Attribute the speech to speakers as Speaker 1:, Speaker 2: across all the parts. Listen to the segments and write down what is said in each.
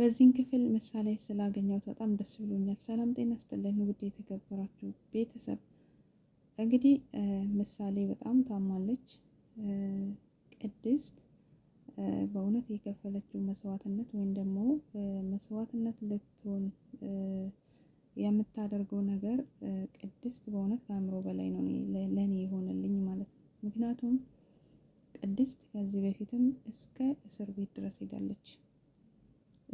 Speaker 1: በዚህን ክፍል ምሳሌ ስላገኘሁት በጣም ደስ ብሎኛል። ሰላም ጤና ስትለኝ ውድ የተከበራችሁ ቤተሰብ። እንግዲህ ምሳሌ በጣም ታማለች። ቅድስት በእውነት የከፈለችው መስዋዕትነት ወይም ደግሞ መስዋዕትነት ልትሆን የምታደርገው ነገር ቅድስት በእውነት ከአእምሮ በላይ ነው ለእኔ የሆነልኝ ማለት ነው። ምክንያቱም ቅድስት ከዚህ በፊትም እስከ እስር ቤት ድረስ ሄዳለች።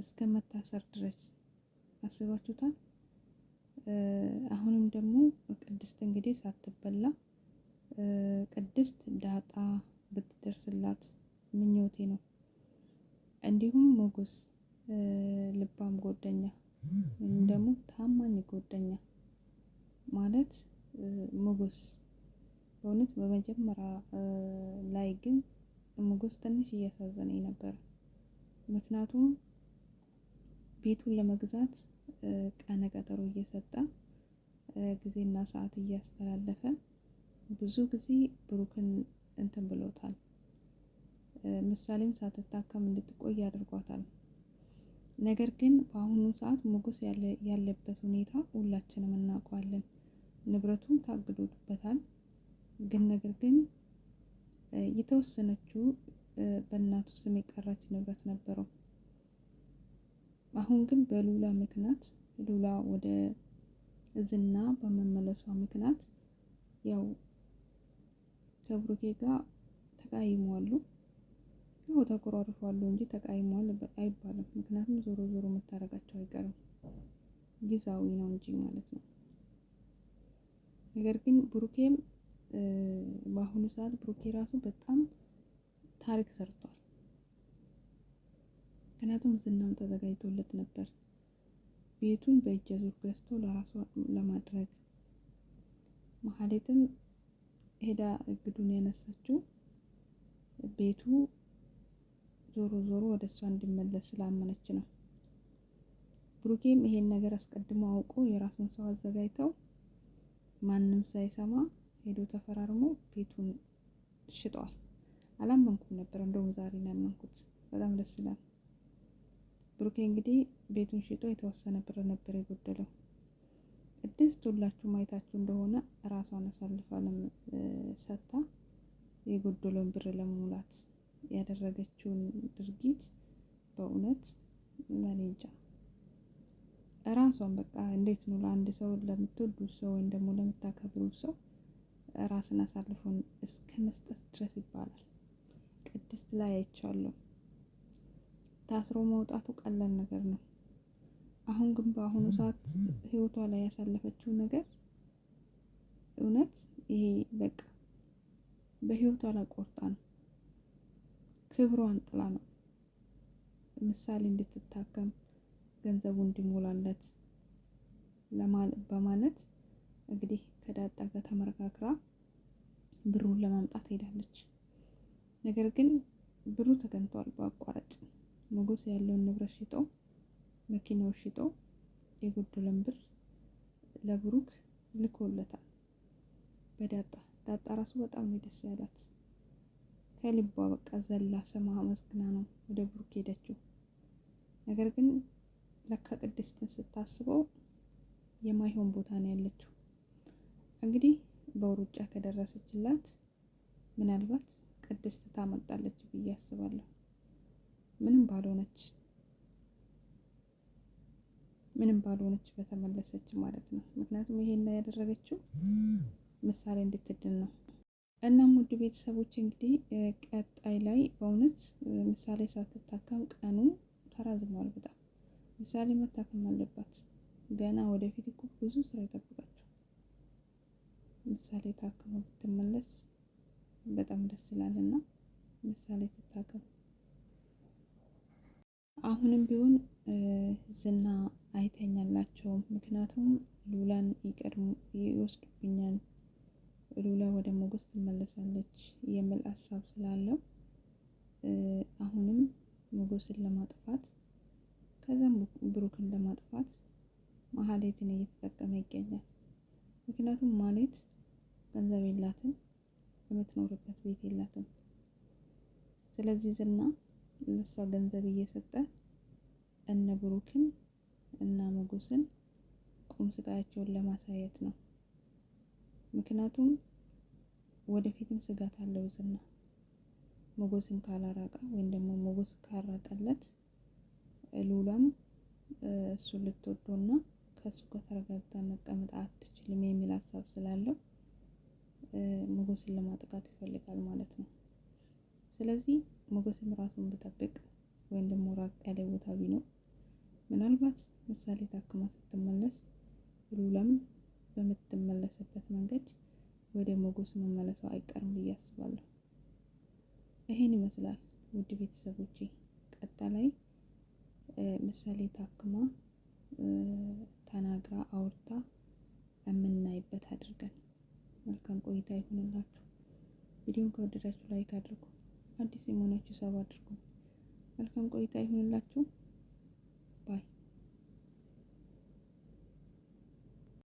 Speaker 1: እስከ መታሰር ድረስ አስባችሁታል። አሁንም ደግሞ ቅድስት እንግዲህ ሳትበላ ቅድስት ዳጣ ብትደርስላት ምኞቴ ነው። እንዲሁም ሞገስ ልባም ጎደኛ ወይም ደግሞ ታማኝ ጎደኛ ማለት ሞገስ በእውነት በመጀመሪያ ላይ ግን ሞገስ ትንሽ እያሳዘነኝ ነበር ምክንያቱም ቤቱን ለመግዛት ቀነ ቀጠሮ እየሰጠ ጊዜና ሰዓት እያስተላለፈ ብዙ ጊዜ ብሩክን እንትን ብሎታል። ምሳሌም ሳትታከም እንድትቆይ አድርጓታል። ነገር ግን በአሁኑ ሰዓት ሞገስ ያለበት ሁኔታ ሁላችንም እናውቀዋለን። ንብረቱም ታግዶበታል። ግን ነገር ግን የተወሰነችው በእናቱ ስም የቀረች ንብረት ነበረው። አሁን ግን በሉላ ምክንያት ሉላ ወደ ዝና በመመለሷ ምክንያት ያው ከብሩኬ ጋር አሉ ያው ተኮራርፏሉ እንጂ ተቃይሟል አይባልም። ምክንያቱም ዞሮ ዞሮ መታረቃቸው አይቀርም ጊዛዊ ነው እንጂ ማለት ነው። ነገር ግን ብሩኬም በአሁኑ ሰዓት ብሩኬ ራሱ በጣም ታሪክ ሰርቷል። ምክንያቱም ዝናም ተዘጋጅቶለት ነበር። ቤቱን በእጅ አዙር ገዝቶ ለራሷ ለማድረግ መሀሌትም ሄዳ እግዱን ያነሳችው ቤቱ ዞሮ ዞሮ ወደ እሷ እንዲመለስ ስላመነች ነው። ብሩኬም ይሄን ነገር አስቀድሞ አውቆ የራሱን ሰው አዘጋጅተው ማንም ሳይሰማ ሄዶ ተፈራርሞ ቤቱን ሽጠዋል። አላመንኩም ነበር፣ እንደውም ዛሬ ነው ያመንኩት። በጣም ደስ ይላል። ብሩኬ እንግዲህ ቤቱን ሽጦ የተወሰነ ብር ነበር የጎደለው። ቅድስት ሁላችሁ ማየታችሁ እንደሆነ ራሷን አሳልፋ ሰጥታ የጎደለውን ብር ለመሙላት ያደረገችውን ድርጊት በእውነት እኔ እራሷን ራሷን በቃ እንዴት ነው ለአንድ ሰው ለምትወዱ ሰው ወይም ደግሞ ለምታከብሩ ሰው ራስን አሳልፎን እስከ መስጠት ድረስ ይባላል። ቅድስት ላይ አይቻለሁ። ታስሮ መውጣቱ ቀላል ነገር ነው። አሁን ግን በአሁኑ ሰዓት ህይወቷ ላይ ያሳለፈችው ነገር እውነት ይሄ በቃ በህይወቷ ላይ ቆርጣ ነው፣ ክብሯን ጥላ ነው። ምሳሌ እንድትታከም ገንዘቡ እንዲሞላለት በማለት እንግዲህ ከዳጣ ጋር ተመረካክራ ብሩን ለማምጣት ሄዳለች። ነገር ግን ብሩ ተገኝቷል በአቋራጭ ንጉስ ያለውን ንብረት ሽጦ መኪናው ሽጦ የጎደለን ብር ለብሩክ ልኮለታል። በዳጣ ዳጣ ራሱ በጣም ነው ደስ ያላት። ከልቧ በቃ ዘላ ሰማ መስግና ነው ወደ ብሩክ ሄደችው። ነገር ግን ለካ ቅድስትን ስታስበው የማይሆን ቦታ ነው ያለችው። እንግዲህ በውርጫ ከደረሰችላት ምናልባት ቅድስት ታመጣለች ብዬ አስባለሁ። ምንም ባልሆነች ምንም ባልሆነች በተመለሰች ማለት ነው። ምክንያቱም ይሄን ያደረገችው ምሳሌ እንድትድን ነው። እናም ውድ ቤተሰቦች እንግዲህ ቀጣይ ላይ በእውነት ምሳሌ ሳትታከም ቀኑ ተራዝሟል። በጣም ምሳሌ መታከም አለባት። ገና ወደፊት እኮ ብዙ ስራ ይጠብቃል። ምሳሌ ታክሞ ብትመለስ በጣም ደስ ይላል እና ምሳሌ ትታከም። አሁንም ቢሆን ዝና አይተኛላቸውም። ምክንያቱም ሉላን ይቀድሙ ይወስዱብኛል፣ ሉላ ወደ ሞገስ ትመለሳለች የሚል ሀሳብ ስላለው አሁንም ሞገስን ለማጥፋት ከዛም ብሩክን ለማጥፋት ማህሌትን እየተጠቀመ ይገኛል። ምክንያቱም ማለት ገንዘብ የላትም፣ የምትኖርበት ቤት የላትም። ስለዚህ ዝና ለእሷ ገንዘብ እየሰጠ እነ ብሩክን እና ሞገስን ቁም ስቃያቸውን ለማሳየት ነው። ምክንያቱም ወደፊትም ስጋት አለው ዝና ሞገስን ካላራቀ ወይም ደግሞ ሞገስ ካራቀለት ሉላም እሱ ልትወደውና ከእሱ ጋር ተረጋግታ መቀመጥ አትችልም የሚል ሀሳብ ስላለው ሞገስን ለማጥቃት ይፈልጋል ማለት ነው። ስለዚህ ሞገስም ራሱን ብጠብቅ ወይም ደግሞ ራቅ ያለ ቦታ ቢኖር ምናልባት ምሳሌ ታክማ ስትመለስ ሉላም በምትመለስበት መንገድ ወደ ሞገስ መመለሰው አይቀርም ብዬ አስባለሁ። ይሄን ይመስላል ውድ ቤተሰቦቼ። ቀጣ ላይ ምሳሌ ታክማ ተናግራ አውርታ የምናይበት አድርገን መልካም ቆይታ ይሁንላችሁ። ቪዲዮን ከወደዳችሁ ላይክ አድርጉ። አዲስ የመሆናችሁ ሰብ አድርጉ። መልካም ቆይታ ይሁንላችሁ።